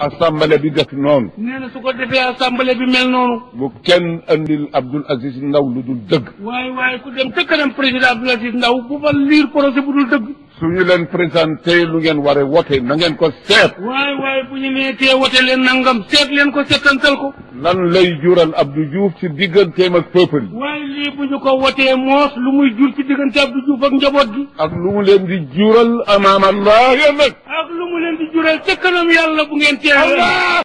assemblée bi def noonu neena su ko defé assemblée bi mel noonu bu kenn andil abdul Aziz Ndaw lu dul deug way way ku dem ca kanam président abdul Aziz Ndaw bu fa lire projet bu dul deug su ñu leen présenté lu ngeen war a wote na ngeen ko seet. waay waay bu ñu nee tee wote leen nangam seet leen ko seetantal ko. lan lay jural Abdou Diouf si digganteem ak peuple yi. waaye lii bu ñu ko wotee moos lu muy jur ci diggante Abdou Diouf ak njaboot gi. ak lu mu leen di jural amaam Allah yéen nag. ak lu mu leen di jural ca kanam yàlla bu ngeen tee.